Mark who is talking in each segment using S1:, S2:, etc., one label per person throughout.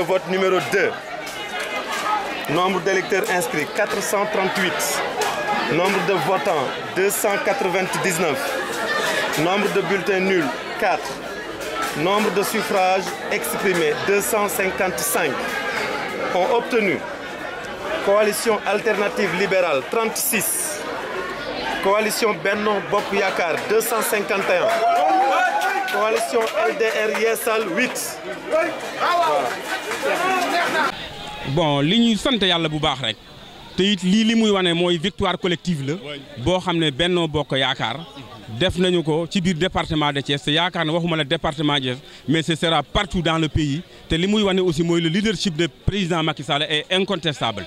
S1: de vote numéro 2. Nombre d'électeurs inscrits 438. Nombre de votants 299. Nombre de bulletins nuls 4. Nombre de suffrages exprimés 255. Ont obtenu Coalition Alternative Libérale 36. Coalition Benno Bokk Yakaar 251. coalition LDR Yeesal 8. bon li ñuy sant yàlla bu baax rek te it lii li muy wane mooy victoire collective la boo xam ne Benno Bokk Yaakaar def nañu ko ci biir département de Thiès te yaakaar ne waxuma la département de mais ce sera partout dans le pays te li muy wane aussi mooy le leadership de président Macky Sall est incontestable.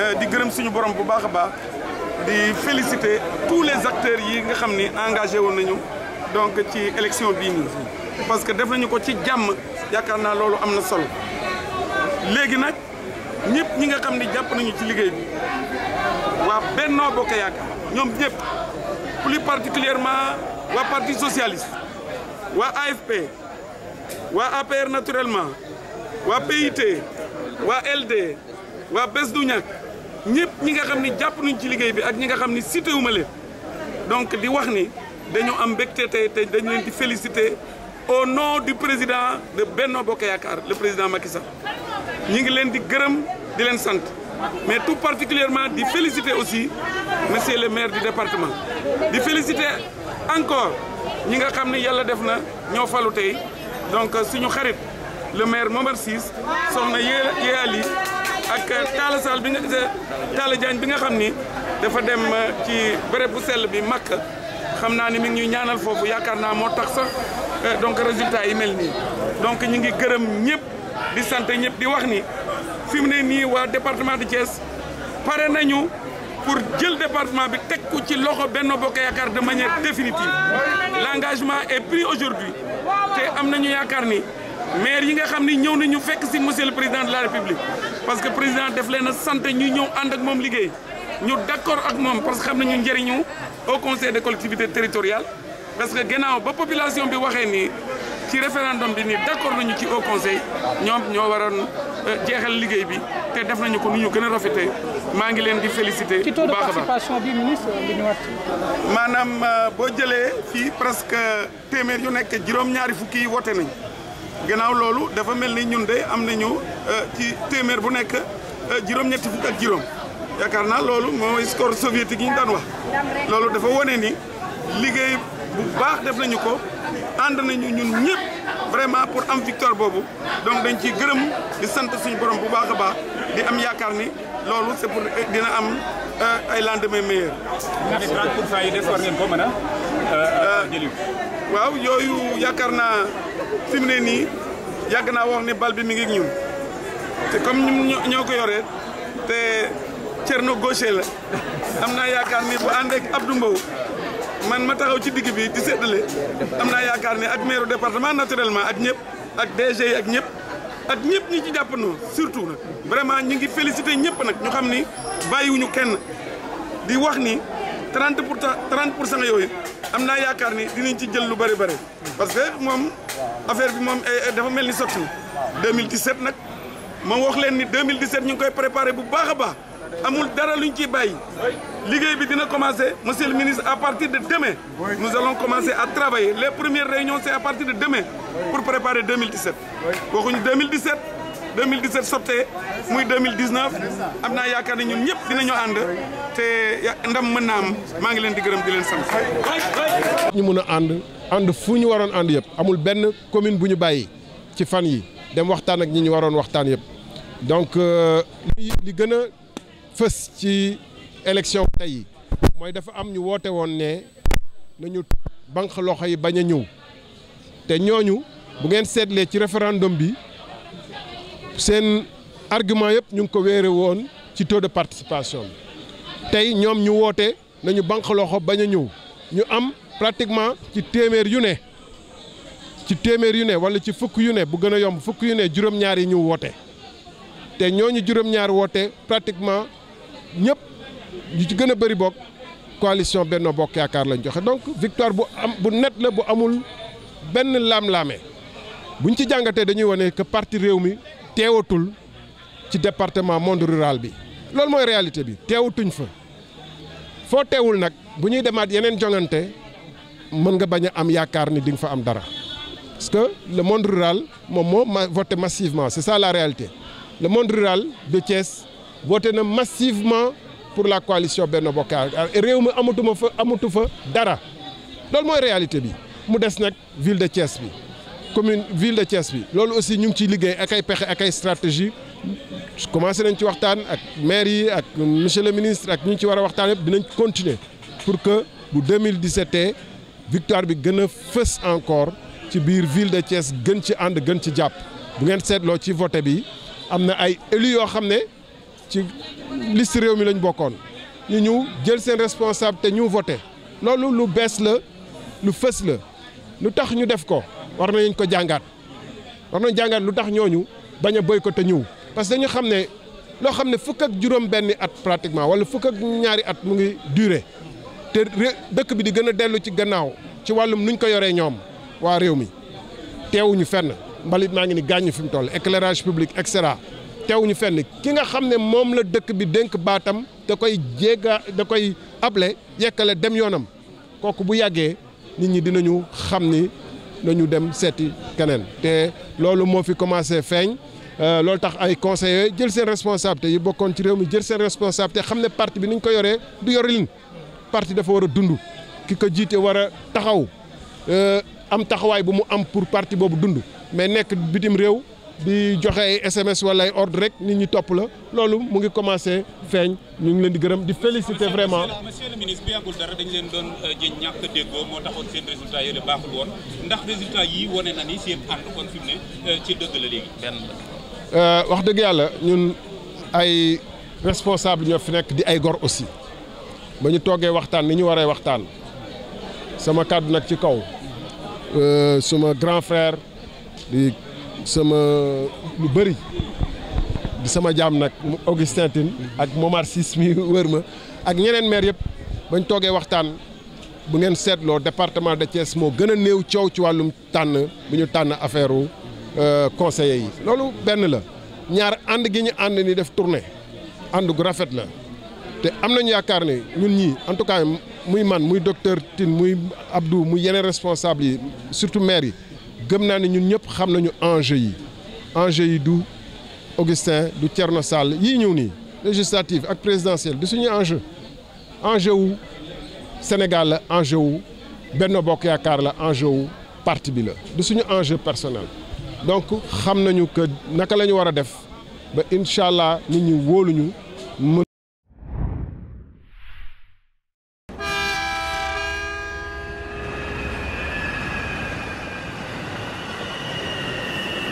S1: Eh, di gërëm suñu borom bu baax a baax di féliciter tous les acteurs yi nga xam ni engagé woon nañu donc ci élection bii nii parce que def nañu ko ci jàmm yaakaar naa loolu am na solo léegi nag ñëpp ñi nga xam ni jàpp nañu ci liggéey bi waa Benno Bokk Yaakaar ñoom ñëpp plus particulièrement waa parti socialiste waa AFP waa APR naturellement waa PIT waa LD waa Bës Ñakk ñëpp ñi nga xam ni jàpp nañ ci liggéey bi ak ñi nga xam ni cité wu ma donc di wax ni dañu am mbégte tey te dañu leen di féliciter au nom du président de Benno Bokk Yaakaar le président Macky Sall ñi ngi leen di gërëm di leen sant mais tout particulièrement di féliciter aussi monsieur le maire du département di féliciter encore
S2: ñi nga xam ni yàlla
S1: def na ñoo falu tey donc suñu xarit le maire Momar Ciss soxna Yéali ak euh, Talla Sall bi nga euh, Talla Diagne bi nga xam ni dafa dem euh, ci béréb bu sell bi Makka xam naa ni mi ngi ñuy ñaanal foofu yaakaar naa moo tax sax donc résultat yi mel nii donc ñu ngi gërëm ñëpp di sant ñëpp di wax ni fi mu ne nii waa département de Thiès pare nañu pour jël département bi teg ko ci loxo Benno Bokk Yaakaar de manière définitive l'engagement est pris aujourd'hui te am nañu yaakaar ni maire yi nga xam ni ñëw nañu fekk si monsieur le président de la république parce que président def leen a sant ñu ñëw ànd ak moom liggéey ñu d'accord ak moom parce que xam nañu njëriñu au conseil des collectivités territoriales parce que gannaaw ba population bi waxee ni ci référendum bi ni d'accord nañu ci au conseil ñoom ñoo waroon euh, jeexal liggéey bi te def nañu ko nu ñu gën a rafetee maa ngi leen di félicité bu baax
S2: a bi ministre bi ñu wax
S1: maanaam euh, boo jëlee fii presque téeméer yu nekk juróom-ñaari fukki woote nañ gannaaw loolu dafa mel ni ñun de am nañu euh, ci téeméer bu nekk euh, juróom-ñetti fukk ak juróom yaakaar naa loolu mooy score soviétique yi ñu daan wax
S2: loolu dafa wane ni
S1: liggéey bu baax def nañu ko ànd nañu ñun ñëpp vraiment pour am victoire boobu donc dañ ciy gërëm di sant suñu borom bu baax a baax di am yaakaar ni loolu c'est pour dina am euh, ay lendemain meilleur. 30 pour cent yi des war ko mën a jëliw waaw yooyu yaakaar naa fi mu ne nii yàgg naa wax ne bal bi mi ngi ñun te comme ñun ñoo ko yoree te Thierno Gaucher la am naa yaakaar ni bu ànd ak Abdou Mbow man ma taxaw ci digg bi di séddale am naa yaakaar ne ak maire département naturellement ak ñëpp ak DG ak ñëpp ak ñëpp ñu ci jàppandoo surtout nag vraiment ñu ngi félicité ñëpp nag ñu xam ni bàyyiwuñu kenn di wax ni 30 pour cent 30 pour cent yooyu am naa yaakaar ni dinañ ci jël lu bëri bëri parce que moom affaire bi moom eh, eh, dafa mel ni sotti na 2017 nag ma wax leen ni ñu ngi koy préparé bu baax a baax amul dara luñ ciy bàyyi liggéey bi dina commencé monsieur ministre à partir de demain nous allons commencer à travailler les premières réunions c'est à partir de demain pour préparer 2017 waxuñu 2017 2017 sottee muy 2019 am naa yaakaar ne ñun ñëpp dinañu ànd te ndam mën na am maa ngi leen di gërëm di leen sant.
S3: ñu mun a ànd ànd fu ñu waroon ànd yëpp amul benn commune bu ñu bàyyi ci fan yi dem waxtaan ak ñi ñu waroon waxtaan yëpp donc euh, li li gën a fës ci élection tey yi mooy dafa am ñu woote woon ne nañu banque loxo yi bañ a ñëw te ñooñu bu ngeen seetlee ci référendum bi. seen argument yëpp ñu ngi ko wéere woon ci taux de participation bi tey ñoom ñu woote nañu banq loxo bañ a ñëw ñu am pratiquement ci téeméer yu ne ci téeméer yu ne wala ci fukk yu ne bu gën a yomb fukk yu ne juróom-ñaar yi ñu woote te ñooñu juróom-ñaar woote pratiquement ñëpp ñu ci gën a bëri bokk coalition Benno Bokk Yaakaar lañ joxe donc victoire bu am bu net la bu amul benn laam-laame buñ ci jàngatee dañuy wane que parti réew mi teewatul ci département monde rural bi loolu mooy réalité bi teewatuñ fa foo teewul nag bu ñuy demaat yeneen joŋante mën nga bañ a am yaakaar ni di nga fa am dara parce que le monde rural moom moo voté massivement c'est ça la réalité le monde rural de Thiès voté na massivement pour la coalition benn Bokk Yaakaar ah, réew mi amatuma fa amatu fa dara loolu mooy réalité bi mu des nag ville de Thiès bi commune ville de Thiès bi loolu aussi ñu ngi ciy liggéey ak ay pexe ak ay stratégie commencé nañ ci waxtaan ak maire yi ak monsieur le ministre ak ñu ci war a waxtaan yëpp dinañ continuer pour que bu 2017 victoire bi gën a fës encore ci biir ville de Thiès gën ci ànd gën ci jàpp bu ngeen seetloo ci voté bi am na ay élus yoo xam ne ci liste réew mi lañ bokkoon ñu ñëw jël seen responsable te ñu voté loolu lu bees la lu fës la lu tax ñu def ko war nañ ko jàngaat war nañ jàngaat lu tax ñooñu bañ a boycotté ñëw parce que dañu xam ne loo xam ne fukk ak juróom benn at pratiquement wala fukk ak ñaari at mu ngi duré te dëkk bi di gën a dellu ci gannaaw ci wàllum nuñ ko yoree ñoom waa réew mi teewuñu fenn mbalit maa ngi ni gàññu fi mu toll éclairage public et cetera teewuñu fenn ki nga xam ne moom la dëkk bi dénk baatam da koy jéega da koy able yekkale dem yoonam kooku bu yàggee nit ñi dinañu xam ni nañu dem seeti keneen te loolu moo fi commencé feeñ euh, loolu tax ay conseillers jël seen responsabilité yi bokkoon ci réew mi jël seen responsabilité xam ne parti bi ni ñu ko yoree du yorilin parti dafa war a dund ki ko jiite war a taxaw euh, am taxawaay bu mu am pour parti boobu dund mais nekk bitim réew. bi joxe ay SMS wala ay ordre rek nit ñi topp la loolu mu ngi commencé feeñ ñu ngi leen di gërëm di féliciter vraiment.
S1: monsieur bi yàggul dara dañ leen doon euh, ji ñàkk déggoo moo taxoon seen résultat yooyu baaxul woon ndax résultat yi wane na ni seen ànd kon fi ne euh, ci dëgg la léegi
S3: euh, wax dëgg yàlla ñun ay responsable ñoo fi nekk di ay gor aussi ba ñu toogee waxtaan ni ñu waree waxtaan sama kàddu nag ci kaw suma grand frère sama lu bëri di sama jaam nag Augustin Tine ak Momar mi wër ma ak ñeneen maire yëpp bañ toogee waxtaan bu ngeen seetloo département de Thiès moo gën a néew coow ci wàllum tànn bu ñu tànn affaire u euh, conseillers yi loolu benn la ñaar ànd gi ñu ànd ni def tournée ànd gu rafet la te am nañu yaakaar ne ñun ñii en tout cas muy man muy docteur Tine muy Abdou mu yeneen responsable yi surtout maire yi gëm naa ne ñun ñëpp xam nañu enjeu yi enjeu yi du Augustin du no Sall yii ñëw nii législative ak présidentielle du suñu enjeu enjeu wu Sénégal la enjeu wu benn Bokk Yaakaar la enjeu wu parti bi la du suñu enjeu personnel donc xam nañu que naka la ñu war a def ba incha allah nit ñi wóoluñu